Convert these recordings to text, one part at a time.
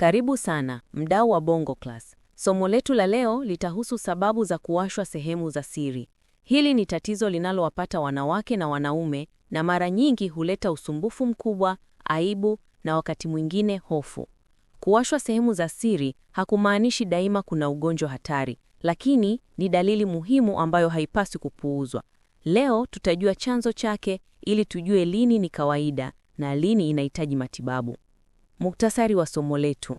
Karibu sana mdau wa Bongo Class. Somo letu la leo litahusu sababu za kuwashwa sehemu za siri. Hili ni tatizo linalowapata wanawake na wanaume na mara nyingi huleta usumbufu mkubwa, aibu na wakati mwingine hofu. Kuwashwa sehemu za siri hakumaanishi daima kuna ugonjwa hatari, lakini ni dalili muhimu ambayo haipaswi kupuuzwa. Leo tutajua chanzo chake ili tujue lini ni kawaida na lini inahitaji matibabu. Muktasari wa somo letu.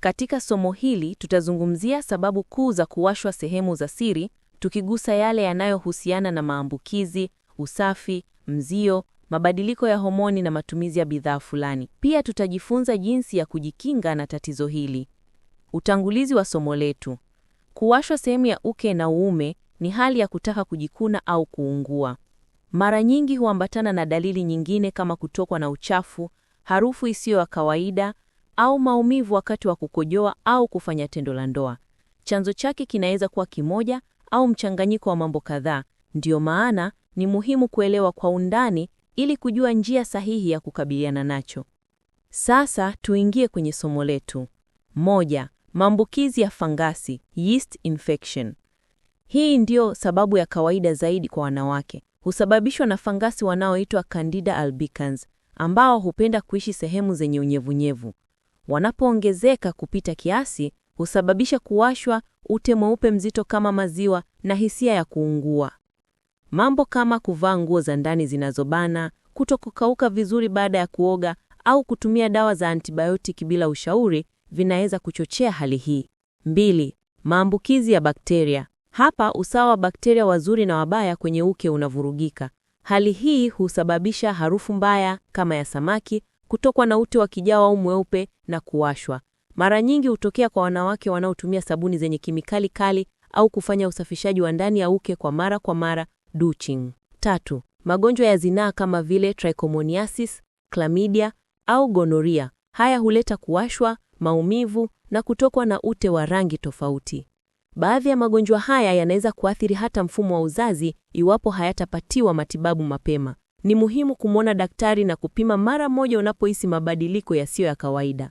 Katika somo hili tutazungumzia sababu kuu za kuwashwa sehemu za siri, tukigusa yale yanayohusiana na maambukizi, usafi, mzio, mabadiliko ya homoni na matumizi ya bidhaa fulani. Pia tutajifunza jinsi ya kujikinga na tatizo hili. Utangulizi wa somo letu. Kuwashwa sehemu ya uke na uume ni hali ya kutaka kujikuna au kuungua. Mara nyingi huambatana na dalili nyingine kama kutokwa na uchafu, harufu isiyo ya kawaida au maumivu wakati wa kukojoa au kufanya tendo la ndoa. Chanzo chake kinaweza kuwa kimoja au mchanganyiko wa mambo kadhaa. Ndiyo maana ni muhimu kuelewa kwa undani ili kujua njia sahihi ya kukabiliana nacho. Sasa tuingie kwenye somo letu. Moja, maambukizi ya fangasi, yeast infection. Hii ndiyo sababu ya kawaida zaidi kwa wanawake. Husababishwa na fangasi wanaoitwa Candida albicans ambao hupenda kuishi sehemu zenye unyevunyevu. Wanapoongezeka kupita kiasi, husababisha kuwashwa, ute mweupe mzito kama maziwa na hisia ya kuungua. Mambo kama kuvaa nguo za ndani zinazobana, kutokukauka vizuri baada ya kuoga au kutumia dawa za antibiotiki bila ushauri vinaweza kuchochea hali hii. Mbili, maambukizi ya bakteria. Hapa usawa wa bakteria wazuri na wabaya kwenye uke unavurugika. Hali hii husababisha harufu mbaya kama ya samaki, kutokwa na ute wa kijao au mweupe na kuwashwa. Mara nyingi hutokea kwa wanawake wanaotumia sabuni zenye kemikali kali au kufanya usafishaji wa ndani ya uke kwa mara kwa mara, douching. Tatu, magonjwa ya zinaa kama vile trichomoniasis, chlamydia au gonoria. Haya huleta kuwashwa, maumivu na kutokwa na ute wa rangi tofauti. Baadhi ya magonjwa haya yanaweza kuathiri hata mfumo wa uzazi iwapo hayatapatiwa matibabu mapema. Ni muhimu kumwona daktari na kupima mara moja unapohisi mabadiliko yasiyo ya kawaida.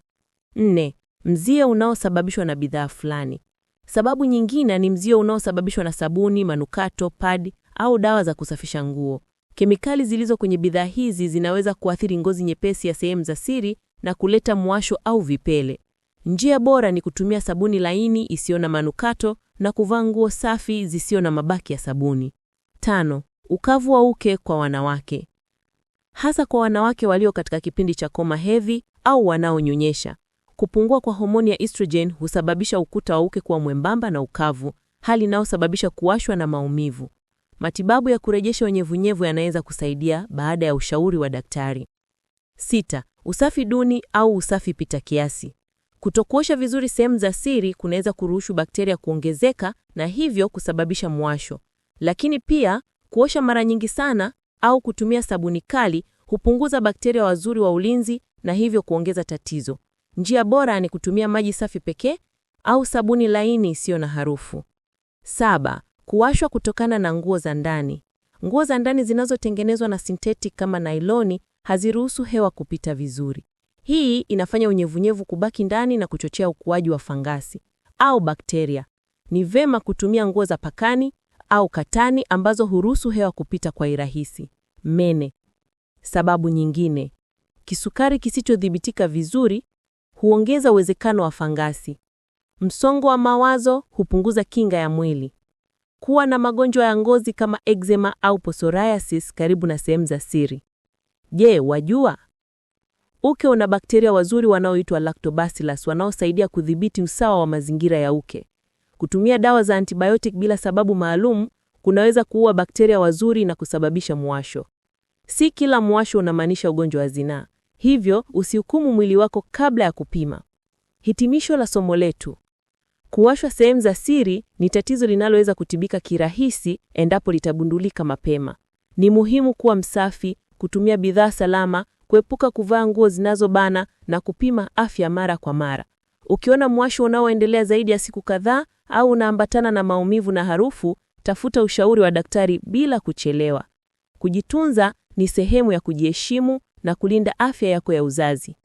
Nne, mzio unaosababishwa na bidhaa fulani. Sababu nyingine ni mzio unaosababishwa na sabuni, manukato, pad au dawa za kusafisha nguo. Kemikali zilizo kwenye bidhaa hizi zinaweza kuathiri ngozi nyepesi ya sehemu za siri na kuleta mwasho au vipele. Njia bora ni kutumia sabuni laini isiyo na manukato na kuvaa nguo safi zisizo na mabaki ya sabuni. Tano, ukavu wa uke kwa wanawake, hasa kwa wanawake walio katika kipindi cha koma hedhi au wanaonyonyesha. Kupungua kwa homoni ya estrogen husababisha ukuta wa uke kuwa mwembamba na ukavu, hali inayosababisha kuwashwa na maumivu. Matibabu ya kurejesha unyevunyevu yanaweza kusaidia baada ya ushauri wa daktari. Sita, usafi duni au usafi pita kiasi. Kutokuosha vizuri sehemu za siri kunaweza kuruhusu bakteria kuongezeka na hivyo kusababisha mwasho. Lakini pia kuosha mara nyingi sana au kutumia sabuni kali hupunguza bakteria wazuri wa ulinzi na hivyo kuongeza tatizo. Njia bora ni kutumia maji safi pekee au sabuni laini isiyo na harufu. Saba, kuwashwa kutokana na nguo za ndani. Nguo za ndani zinazotengenezwa na sintetik kama nailoni haziruhusu hewa kupita vizuri. Hii inafanya unyevunyevu kubaki ndani na kuchochea ukuaji wa fangasi au bakteria. Ni vema kutumia nguo za pakani au katani ambazo huruhusu hewa kupita kwa irahisi. Mene. Sababu nyingine, kisukari kisichodhibitika vizuri huongeza uwezekano wa fangasi. Msongo wa mawazo hupunguza kinga ya mwili. Kuwa na magonjwa ya ngozi kama eczema au psoriasis karibu na sehemu za siri. Je, wajua Uke una bakteria wazuri wanaoitwa lactobacillus wanaosaidia kudhibiti usawa wa mazingira ya uke. Kutumia dawa za antibiotic bila sababu maalum kunaweza kuua bakteria wazuri na kusababisha muwasho. Si kila muwasho unamaanisha ugonjwa wa zinaa, hivyo usihukumu mwili wako kabla ya kupima. Hitimisho la somo letu: kuwashwa sehemu za siri ni tatizo linaloweza kutibika kirahisi endapo litagundulika mapema. Ni muhimu kuwa msafi, kutumia bidhaa salama kuepuka kuvaa nguo zinazobana na kupima afya mara kwa mara. Ukiona mwasho unaoendelea zaidi ya siku kadhaa au unaambatana na maumivu na harufu, tafuta ushauri wa daktari bila kuchelewa. Kujitunza ni sehemu ya kujiheshimu na kulinda afya yako ya uzazi.